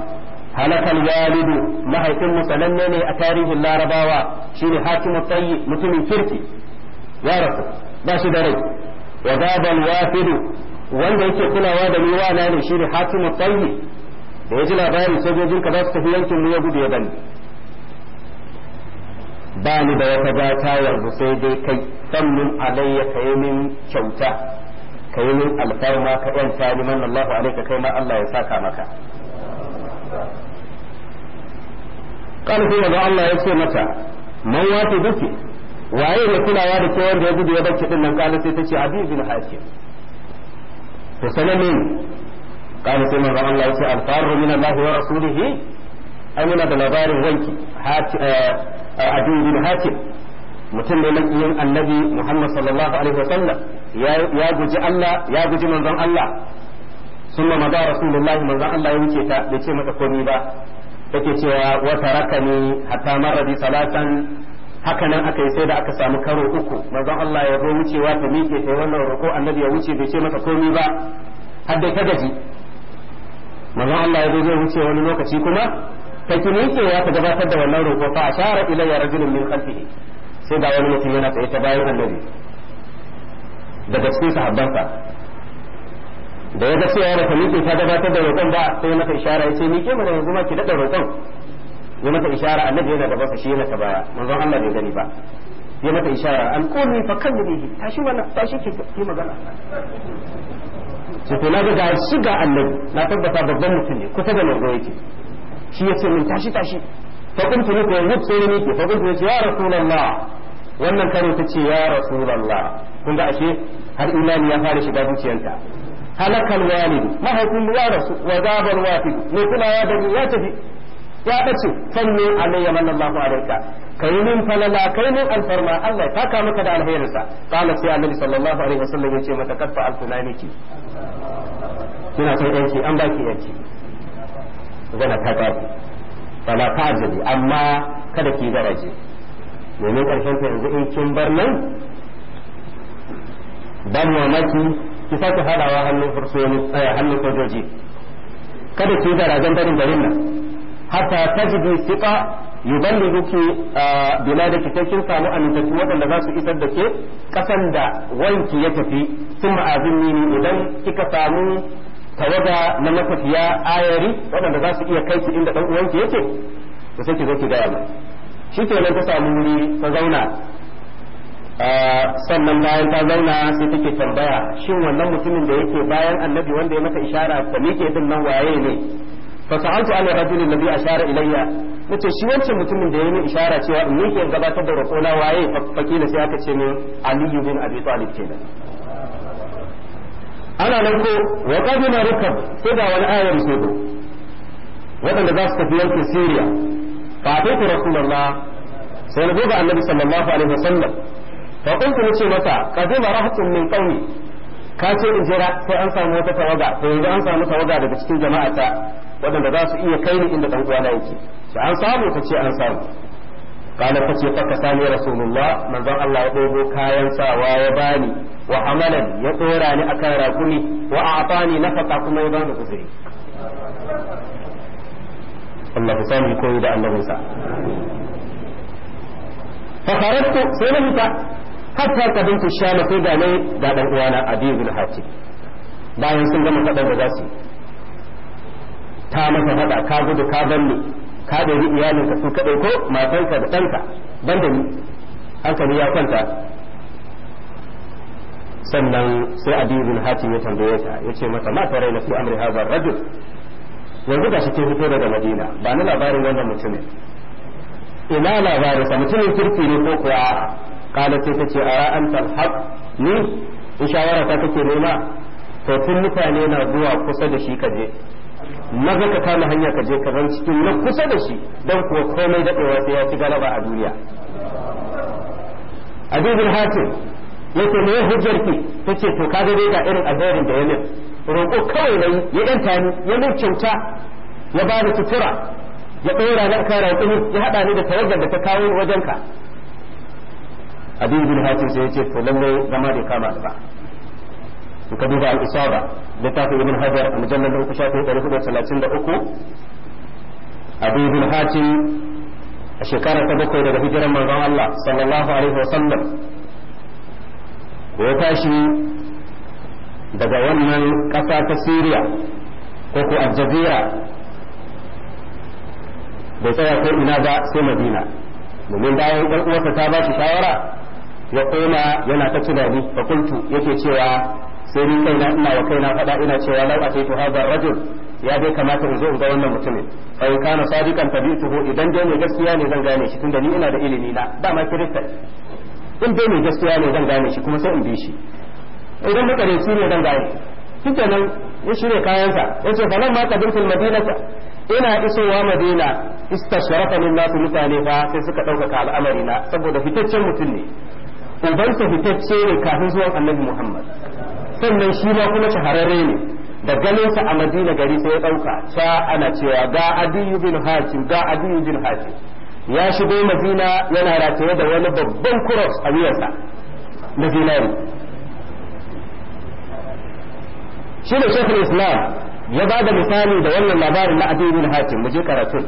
A: halakal walidu mahaifin musalanne ne a tarihin larabawa shine hakimu tayyi mutumin kirki ya rasu ba shi da rai wa zabal wafidu wanda yake kulawa da ruwa na ne shi ne hatimu tsayi da ya ji labarin sojojin ka za su tafi yankin mu ya gudu ya bani ba ni da wata gata yanzu sai dai kai dan min alayya kai min kyauta kai min alfarma ka ɗan tani man Allahu alayka kai ma Allah ya saka maka
B: kana sai da Allah ya ce mata
A: man wata duke waye ne kulawa da ke wanda ya gudu ya barki din nan kana sai ce Habib bin Hakim to sananin kana sai manzon Allah yace ce alfaru min Allah wa rasulih amina da labarin wanki abin eh, eh, bin hati mutum ne makiyin annabi Muhammad sallallahu alaihi wasallam ya guji Allah ya guji manzon Allah summa maza rasulullahi manzon Allah ya wuce ta bai ce mata komai ba take cewa wa tarakani hatta marra bi salatan haka nan aka yi sai da aka samu karo uku manzon Allah ya zo wucewa ta miƙe ta wannan roƙo annabi ya wuce bai ce masa komai ba har da ta gaji manzon Allah ya zo zai wuce wani lokaci kuma ta ki ya ta gabatar da wannan roƙo fa ashara ya rajulun min khalfihi sai da wani mutum yana tsaye ta bayan annabi daga cikin sahabbansa da ya ga cewa ta miƙe ta gabatar da roƙon ba sai mata ishara ya ce miƙe mana yanzu ma ki daɗa roƙon ya mata ishara annabi yana gaba sa shi yana ta baya manzon Allah bai gani ba ya mata ishara an kulli fa kan bihi tashi wannan tashi ke yi magana sai to na ga shi ga annabi na tabbata babban mutum ne kusa da manzo yake shi yace min tashi tashi fa kuntu ni ko yub sai ni ke fa kuntu ya rasulullah wannan kare ta ce ya rasulullah kun ga ashe har imani ya fara shiga zuciyarta halakal walid mahaifin ya rasu wa zabal wafid ne kula ya bani ya tafi ya bace fanni alayya man Allahu alayka kai min falala kai min alfarma Allah ta ka maka da alherinsa kana sai annabi sallallahu alaihi wasallam yace mata kaffa ki kina son yanki an baki yanki magana ta ka fala ta'jali amma kada ki garaje domin karshen ka yanzu in kin bar nan wa mamaki ki sake hadawa hannun fursoni eh, hannun kojoji kada ki garajen barin garin nan hatta tajidu thiqa yuballighuki biladaki sai kin samu amintattu waɗanda za su isar da ke kasan da wanki ya tafi sun ma'azini ma'azin idan kika samu tawaga na matafiya ayari waɗanda za su iya kai ki inda ɗan uwanki yake to sai ki zo ki gaya mai shi kenan ta samu wuri ta zauna sannan bayan ta zauna sai take tambaya shin wannan mutumin da yake bayan annabi wanda ya mata ishara ta miƙe din nan waye ne fa sa'altu an rajul alladhi ashara ilayya nace shi wancan mutumin da ya yi ishara cewa in yake gabatar da roƙona waye fakila sai aka ce min ali bin abi talib kenan
B: ana nanko ko wa
A: qadima rukab sai ga wani ayar sai ko za su tafi yankin Syria fa ataitu rasulullah sai nabi ga annabi sallallahu alaihi wasallam fa kuntu nace masa qadima rahatun min qaumi ka in jira sai an samu wata tawaga to yanzu an samu tawaga daga cikin jama'a ta waɗanda za su iya kai ni inda ɗan uwana yake sai an samu ta ce an samu kana ta ce faka sani rasulullah manzon Allah ya dogo kayan sawa ya bani wa amalan ya tsora ni akan rakumi wa a'tani nafaqa kuma ya bani kuzuri Allah ya sani koyi da sa.
B: fa kharatu sai na fita hatta ka binti
A: shama sai ga ne ga dan uwana abi bin hatim bayan sun gama fadan da za su yi Ka masa fada ka gudu ka banne ka ɗari iyalinka su kaɗai ko matanka da ɗanka ban da ni hankali ya kwanta sannan sai abi bin hatim ya tambaye ta ya ce mata ma tare na fi amri hazar rajul yanzu ga shi ke fito daga madina ba ni labarin wannan mutumin ina labarin sa mutumin kirki ne ko kuwa kala ce ta ce a ra'an talhaq ni in shawara ta kake nema to tun mutane na zuwa kusa da shi kaje maza ka kama hanya ka je ka zan cikin na kusa da shi don kuwa komai daɗewa sai ya ci galaba a duniya abin hatim yake ne hujjarki ta ce to ka dai ga irin azarin da ya min roƙo kawai na yi ya ɗan ni ya min kyauta ya ba ni sutura ya ɗora na kara ya haɗa ni da tawagar da ta kawo wajenka ka. bin hatin sai ya ce to lallai zama da kama ba in ka duba al littafin ibn hajar a mujallar da uku shafi ɗari hudu talatin da uku abu ibn hatim a shekara ta bakwai daga hijirar manzon Allah sallallahu alaihi wa sallam ya tashi daga wannan ƙasa ta Syria ko ko Aljazeera bai tsaya ko ina ba sai Madina domin bayan ɗan uwarsa ta ba shi shawara ya koma yana ta tunani fa kuntu yake cewa sai ni kaina ina wa kaina faɗa ina cewa lau a ce to hadha rajul ya dai kamata in zo in ga wannan mutumin fa in kana sadiqan tabi'tuhu idan dai mai gaskiya ne zan gane shi tunda ni ina da ilimi na dama kirista in dai mai gaskiya ne zan gane shi kuma sai in bi shi idan makareci ne zan gane kike nan ya shirya kayansa yace falan ma qadimtul madinata ina isowa madina istashrafa min nasu mutane fa sai suka ɗaukaka al'amari na saboda fitaccen mutum ne ubansa fitacce ne kafin zuwan annabi muhammad sannan shi ma kuma shahararre ne da ganinsa a madina gari sai ya ɗauka ta ana cewa ga adiyu bin hakim ga adiyu bin hakim ya shigo madina yana rataye da wani babban kuros a wuyarsa na zinari shi ne shekul islam ya ba da misali da wannan labarin na adiyu bin hakim mu je karatun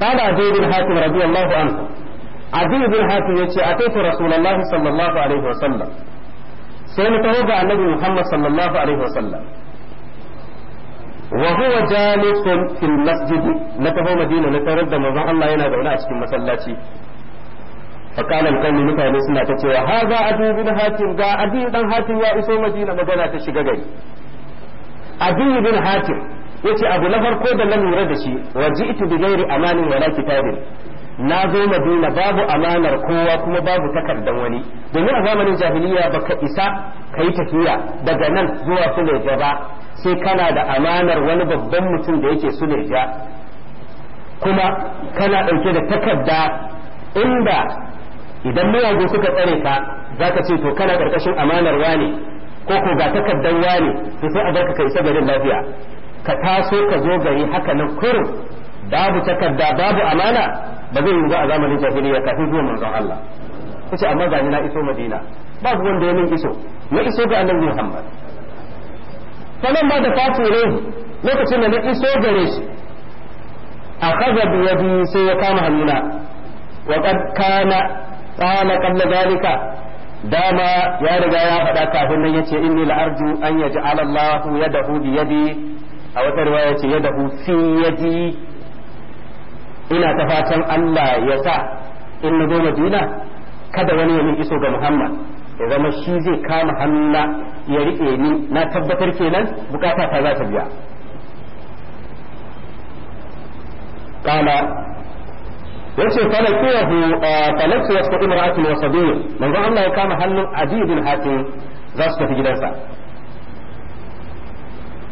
A: قال عدي بن حاتم رضي الله عنه عدي بن حاتم يقول أتيت رسول الله sallallahu alaihi wa sallam. sai na taho ga annabi Muhammad sallallahu alaihi wasallam wa huwa jalisun fil masjid na taho madina na tarar da manzon Allah yana zaune a cikin masallaci fa kana alqawmi mutane suna ta cewa haza adu bin hatim ga adu dan hatim ya iso madina magana ta shiga gari adu bin hatim yace abu na farko da na lura da shi waji'tu bi ghairi amanin wala kitabin na zo madina babu amanar kowa kuma babu takardar wani domin a zamanin jahiliya baka isa ka yi tafiya daga nan zuwa suleja ba sai kana da amanar wani babban mutum da yake suleja kuma kana ɗauke da takarda inda idan mawago suka tsare ka za ka ce to kana ƙarƙashin amanar wane ko ko ga takardar wane to sai a barka ka isa garin lafiya ka taso ka zo gari haka nan kurum babu takarda babu
B: amana
A: ba zai yi a zamanin jahiliya kafin zuwa manzon Allah kace amma ga na iso Madina babu wanda ya min iso na iso ga Annabi Muhammad sanan ba da fasire lokacin da na iso gare shi akhadha bi yadi sai ya kama hannuna wa qad kana qala qabla zalika dama ya riga ya faɗa kafin nan yace inni la'arju an yaj'ala Allahu yadahu bi yadi a wata riwaya yace yadahu fi yadi ina ta fatan Allah ya sa in na zo Madina kada wani ya min iso ga Muhammad ya zama shi zai kama hannuna ya riƙe ni na tabbatar kenan bukata ta za ta biya kala yace kana kiyahu eh, falatu yasqa imra'atun wa sabiyun manzo Allah ya kama hannun Abi bin za su tafi gidansa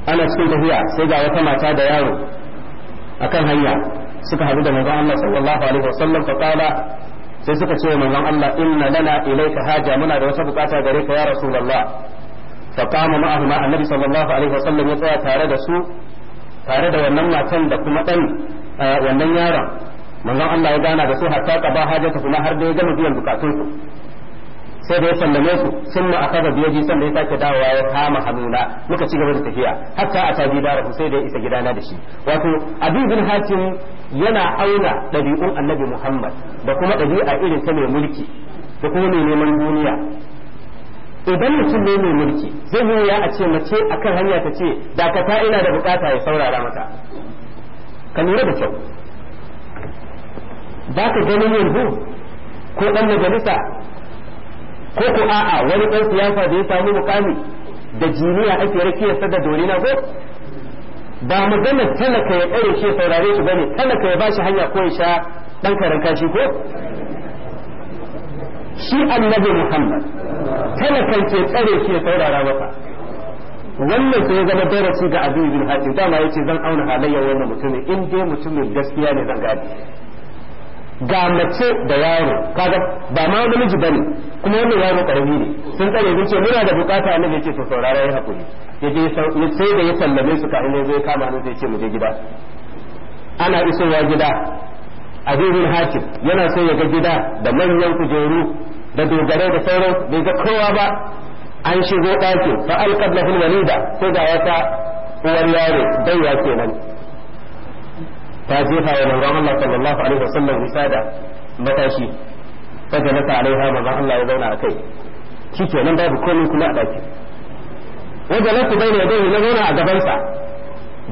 A: ana cikin tafiya sai ga wata mata da yaro akan hanya suka haɗu da manzon Allah sallallahu alaihi wasallam fa qala sai suka ce manzon Allah inna lana ilayka haja muna da wata bukata gare ka ya rasulullah fa qama ma'ahu ma annabi sallallahu alaihi wasallam ya tsaya tare da su tare da wannan matan da kuma dan eh, wannan yaron manzon Allah ya gana da su hatta qaba hajata kuma har da ya gama biyan bukatunsu sai da ya sallame su sun ma aka da biyaji sanda ya sake dawowa ya kama hannuna muka ci gaba da tafiya hatta a tabi da sai da ya isa gidana da shi wato abi bin hatim yana auna ɗabi'un annabi muhammad da kuma ɗabi'a irin ta mai mulki da kuma mai neman duniya idan mutum ne mai mulki zai yi ya a ce mace akan hanya ta ce dakata ina da bukata ya saurara mata ka lura da kyau ba ka ganin yanzu ko dan majalisa ko ko a'a wani ɗan siyasa da ya samu mukami da jiniya ake sada da dorina ko ba magana talaka ya tsare shi saurare shi bane talaka ya bashi hanya ko ya sha dan karan kashi ko shi annabi Muhammad talakan ke tsare shi ya saurara masa wannan sai ya zama darasi ga Abu Ibn Hatim dama yace zan auna halayyar wannan mutumin in dai mutumin gaskiya ne zan gadi ga mace da yaro kaga ba ma miji bane kuma wannan yaro karami ne sun tsare sun muna da bukata annabi yace ce to saurara ya hakuri ya je sai da ya sallame su kafin ya zai kama ne zai ce mu je gida ana isowa gida azizul hakim yana so ya ga gida da manyan kujeru da dogare da sauran bai ga kowa ba an shigo ɗakin fa alqad walida sai ga wata uwar yaro ya kenan
B: ta jefa wa manzon Allah
A: sallallahu alaihi wasallam wisada matashi ta jalasa alaiha manzon Allah ya zauna a kai shike nan babu komai kuma a daki wajen
B: lafi bai ne dai na zauna
A: a gabansa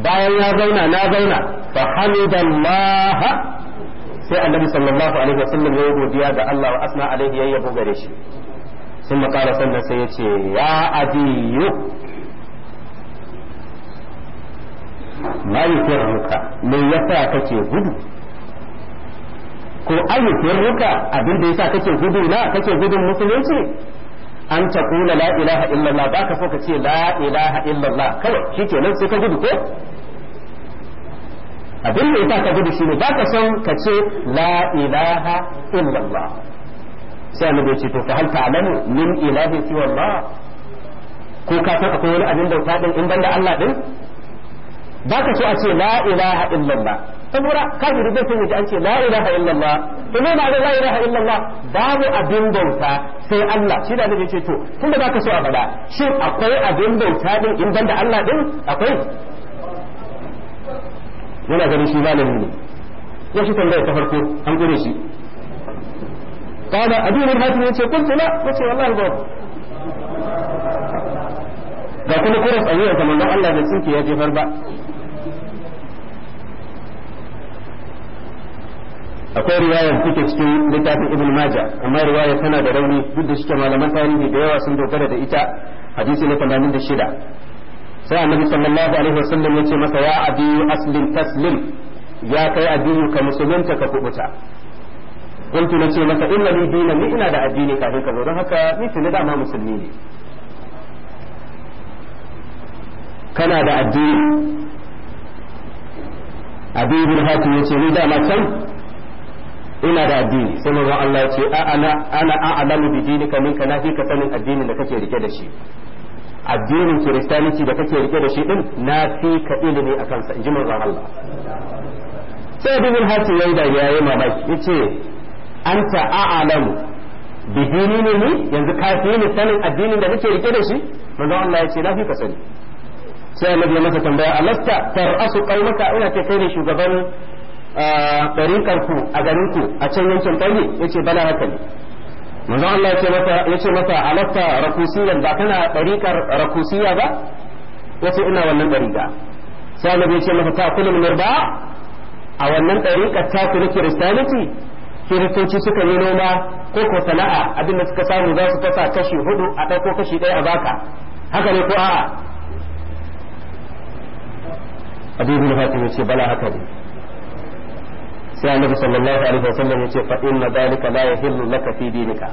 A: bayan ya zauna na zauna fa hamidallah sai annabi sallallahu alaihi wasallam ya yi godiya ga Allah wa asna alaihi yayyabo gare shi sun makara sannan sai ya ce ya adiyu ma yusirruka me yasa kake gudu ko ayu firruka abin da sa kake gudu na kake gudun musulunci an ta kula la ilaha illallah baka so ka ce la ilaha illallah kawai nan sai ka gudu ko abin da sa ka gudu shi ne baka son ka ce la ilaha illallah sai annabi ya ce to fa hal ta'lamu min ilahi siwa Allah ko ka san akwai wani abin bauta din in banda Allah din ba ka so a ce la ilaha illallah saboda kafiri bai san an ce la ilaha illallah to me ma'anar la ilaha illallah babu abin bauta sai Allah shi da nake ce to tunda ba ka so a faɗa shin akwai abin bauta din in banda Allah din akwai yana ganin shi malami ne ya shi tambaya ta farko an gure shi ya أبي kun يقول قلت لا قلت والله ba.
B: ga kuma kuras a wuyan manzon Allah da tsinke ya
A: jefar ba akwai riwayar take cikin littafin ibn maja amma riwaya tana da rauni duk da shi malaman tarihi da yawa sun dogara da ita hadisi na 86 sai annabi sallallahu alaihi wasallam ya ce masa ya abi aslim taslim ya kai addini ka musulunta ka kubuta kuntu nace masa inna li dina ni ina da addini kafin ka zo don haka ni tuni ma musulmi ne kana da addini abi ibn hatim yace ni ma san ina da addini sai manzo Allah ya ce ana ana a'lamu bi dinika minka na fi ka sanin addinin da kake rike da shi addinin kiristanci da kake rike da shi din na fi ka ilimi akan sa inji manzo Allah sai bin hatim yayi da yayi mamaki yace anta a'lamu bi dini ne ni yanzu ka fi ni sanin addinin da kake rike da shi manzo Allah ya ce na ka sani sai annabi ya masa tambaya alasta tar'asu qaumaka ina ce kai ne shugaban ɗariƙarku a garin ku a can yankin ya ce bala haka ne manzon Allah ya ce mata masa alafta rakusiyan ba kana ɗariƙar rakusiya ba Ya ce ina wannan ɗariƙa sai annabi ce mata ta kullu min ba a wannan ɗariƙar ta kullu kiristaniti kiristoci suka yi noma ko ko sana'a abinda suka samu za su fasa kashi hudu a ɗauko kashi ɗaya a baka haka ne ko a'a abu ibn fatim ce bala haka ne sai annabi sallallahu alaihi wasallam ya ce fa inna dalika la yahillu laka fi dinika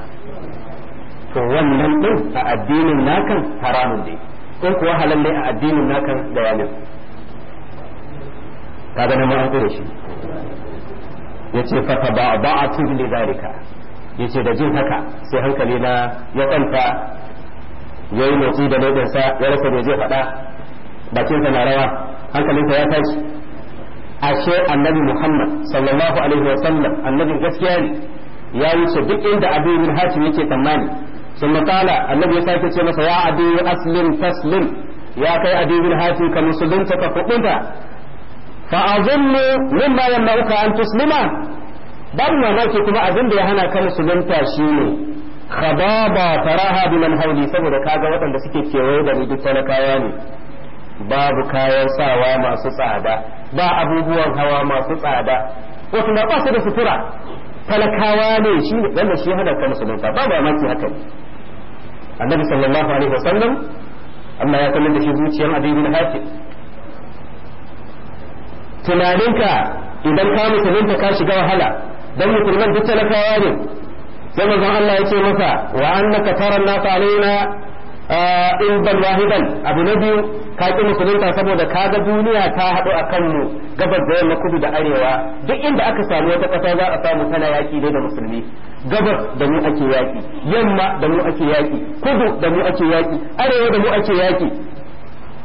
A: to wannan din a addinin nakan haramun ne ko kuwa halalle a addinin nakan da yamin kaga nan an kure shi yace fa tabada'atu li Ya yace da jin haka sai hankali na ya kwanta yayi motsi da sa ya rasa me zai faɗa bakin sa na rawa hankalinsa ya tashi ashe annabi Muhammad sallallahu alaihi wa sallam annabin gaskiya ne ya wuce duk inda Abu Hashim yake tsammani sun qala annabi ya sake ce masa ya Abu aslim taslim ya kai Abu Hashim ka musulunta ka kuɗinta fa azunnu mimma yamna'uka an tuslima babu mamaki kuma abin da ya hana ka musulunta shine khababa faraha biman hauli saboda kaga waɗanda suke kewaye da ni duk talakawa ne babu kayan sawa masu tsada ba abubuwan hawa masu tsada wato da ba su da sutura talakawa ne shi ne wanda shi hana ka musulunta ba ba maki haka annabi sallallahu alaihi wasallam Allah ya kallon da shi zuciyar abin bin hafi. tunaninka idan ka musulunta ka shiga wahala dan musulman duk talakawa ne sai manzon Allah ya ce masa wa annaka taranna alaina Eh, in ban wahidan abu na biyu ka ƙi musulunta saboda ka ga duniya ta haɗu a kanmu gabas da yamma kudu da arewa duk inda aka samu wata ƙasa za a samu tana yaƙi ne da musulmi gabas da mu ake yaƙi yamma da mu ake yaƙi kudu da mu ake yaƙi arewa da mu ake yaƙi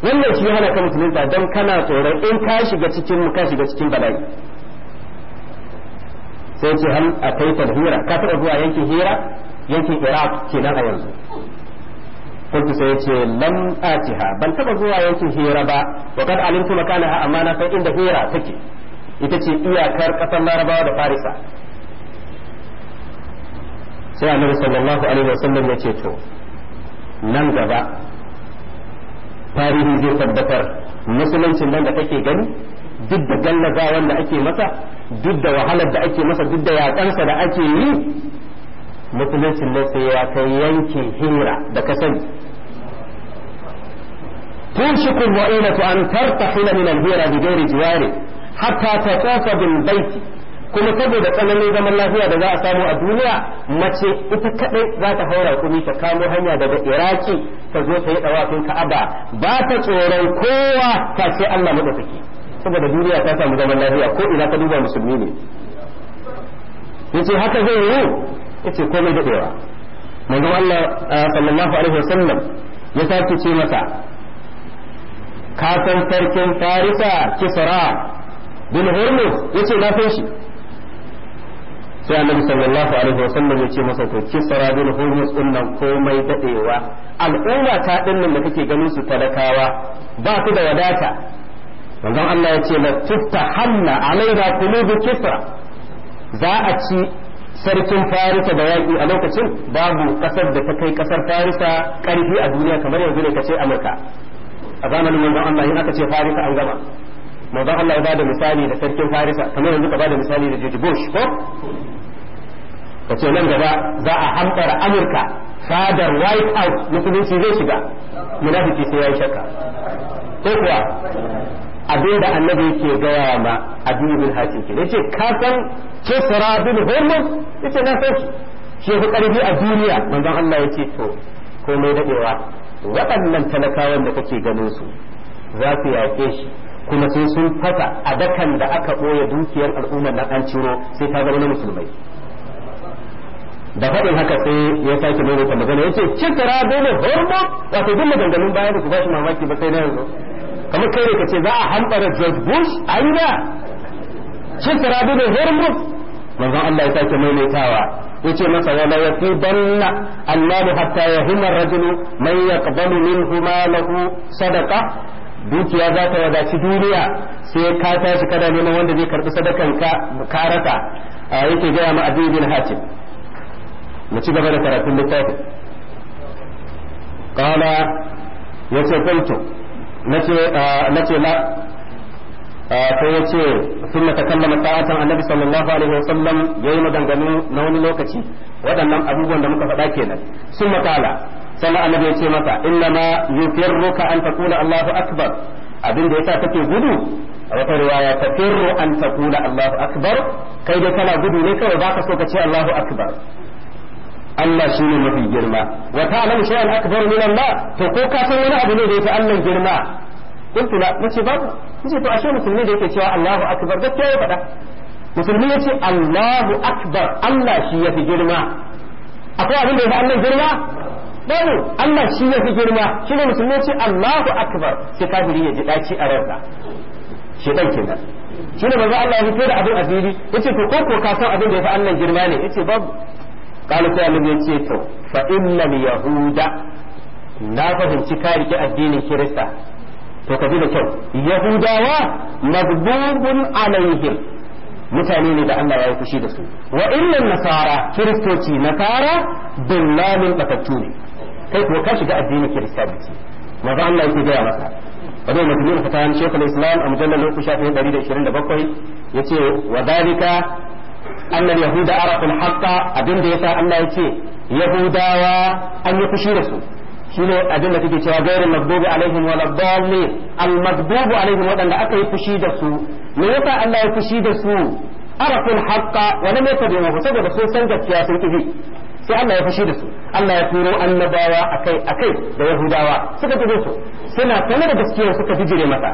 A: wannan shi hana ka musulunta don kana tsoron in ka shiga cikin mu ka shiga cikin bala'i sai ce hal akwai hira ka taɓa zuwa yankin hira yankin iraq kenan a yanzu kuntu sai yace lam atiha ban taba zuwa yankin hira ba wa kad alimtu makanaha amma na san inda hira take ita ce iyakar kasan larabawa da farisa sai annabi sallallahu alaihi wasallam ya ce to nan gaba tarihi zai tabbatar musuluncin nan da kake gani duk da gallazawan wanda ake masa duk da wahalar da ake masa duk da yakansa da ake yi musulunci nan sai ya kai yankin hira da ka توشك الظئيمة أن ترتحل da الهيرة بغير جوار حتى تطاف baiti kuma saboda tsananin zaman lafiya da za a samu a duniya mace ita kadai zata ta haura kuma ta kamo hanya daga iraki ta zo ta yi dawafin ka'aba ba ta tsoron kowa ta ce Allah madaukaki saboda duniya ta samu zaman lafiya ko ina ka duba musulmi ne yace haka zai yi yace komai dadewa manzon Allah sallallahu alaihi wasallam ya sake ce masa ka sarkin farisa kisra bin ya yace na san shi sai annabi sallallahu alaihi wasallam yace masa to kisra bin hurmu din komai dadewa al'umma ta ɗinnan da kake ganin su talakawa ba su da wadata
B: manzon Allah yace la tuttahanna alayha qulubu
A: kisra za a ci sarkin farisa da yaki a lokacin babu ƙasar da ta kai ƙasar farisa ƙarfi a duniya kamar yanzu ne kace amurka a zamanin manzon Allah in aka ce farisa an gama manzon Allah ya bada misali da sarkin farisa kamar yanzu ka bada misali da George Bush ko
B: ka ce nan gaba za a hamfara Amurka fadar White House musulunci zai shiga munafiki sai ya shakka ko kuwa annabi yake gaya ma abin bin ke yace ka san kisra bin hormuz yace na san shi
A: shi ya karfi a duniya manzon Allah yace to komai dadewa waɗannan talakawan da kake ganin su za su yaƙe shi kuma sai sun fasa a dakan da aka ɓoye dukiyar al'ummar na an ciro sai ta zama na musulmai da faɗin haka sai ya sake nuna ta magana ya ce cikira dole hormon wato duk maganganun bayan da su ba shi mamaki ba sai na yanzu kamar kai ne ka ce za a hambara George Bush a yi na cikira dole hormon manzon Allah ya sake maimaitawa yace masa wala yaqubanna allahu hatta ya ar-rajulu man yaqbalu minhu lahu sadaqa dukiya za ta wadaci duniya sai ka tashi kada neman wanda zai karbi sadakan ka karata yake gaya ma abi bin hatim mu ci gaba da karatun littafin qala yace qultu nace ah, nace la sai ya ce sun mata kallama ta'atan annabi sallallahu alaihi sallam ya yi maganganu na wani lokaci waɗannan abubuwan da muka faɗa kenan sun matala sannan annabi ya ce masa inna ma ka an taqula allahu akbar abin da yasa kake gudu a wata riwaya tafirru an taqula allahu akbar kai dai kana gudu ne kawai baka so ka ce allahu akbar Allah shi ne mafi girma wa ta'lamu shay'an akbar min Allah to ko ka san wani abu ne da yake Allah girma kuntu la nace babu nace to ashe musulmi da yake cewa Allahu akbar gaskiya ya faɗa musulmi ya Allahu akbar Allah shi ya fi girma akwai abin da ya fi Allah girma babu Allah shi ya fi girma shi ne musulmi Allahu akbar sai kafiri ya ji daci a ransa shedan shi ne manzo Allah ya da abin ko abin da ya fi girma ne babu قال sai yace to fa innal yahuda na fahimci ka rike addinin kirista to ka ji da kyau yahudawa magdubun alaihim mutane ne da Allah ya yi fushi da su wa illan nasara kiristoci nasara dillalin batattu ne kai kuwa ka shiga addinin kiristanci maza Allah yake gaya masa wadai majmu'ul fatahan shaykhul islam a bakwai ya yace wa dalika anna yahuda arafu al abinda ya sa Allah ya ce yahudawa an yi fushi da su shine abin da kake cewa gairin magdubi alaihim wala ladallin al magdubi alaihim wadanda aka yi fushi da su me yasa Allah ya fushi da su arafin haqqa wa lam yattabi'uhu saboda sun san gaskiya sun kifi sai Allah ya fashi da su Allah ya turo annabawa akai akai da yahudawa suka bi su suna sanar da gaskiyar suka bijire masa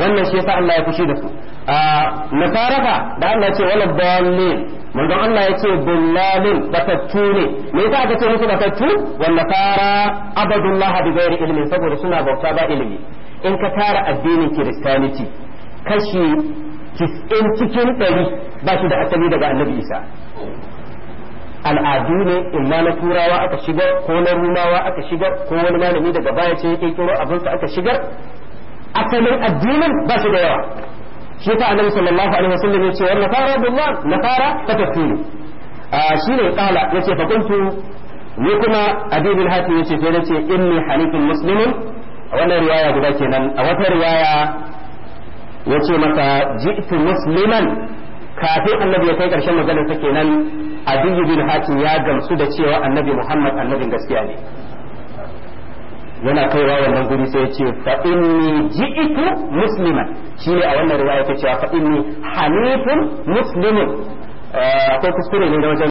A: wannan shi yasa Allah ya fushi da su a ah, nasarafa da Allah ya ce wala mun manzon Allah ya ce dalalin batattu ne me yasa aka ce musu batattu wal nasara abadullah bi ghairi ilmi saboda suna bauta ba ilimi in ka tara addinin kiristaniti kashi 90 cikin 100 ba shi da asali daga annabi Isa al'adu ne imma na turawa aka shigar ko na rumawa aka shigar ko wani malami daga baya ce yake kiro abinsa aka shigar asalin addinin ba shi da yawa shi ta annabi sallallahu alaihi wasallam yace wa nafara billah nafara fatatini shi ne kala yace fa kuntu ni kuma abibul hati yace sai nace inni halifun muslimin wannan riwaya guda kenan a wata riwaya yace maka ji'tu musliman kafin annabi ya kai karshen maganar sa kenan adiyu bin hatim ya gamsu da cewa annabi muhammad annabin gaskiya ne yana kaiwa wannan guri sai ya ce fa inni ji'itu musliman
B: shine a wannan riwaya yake cewa fa inni hanifun muslimun eh, ko kuskure ne da wajen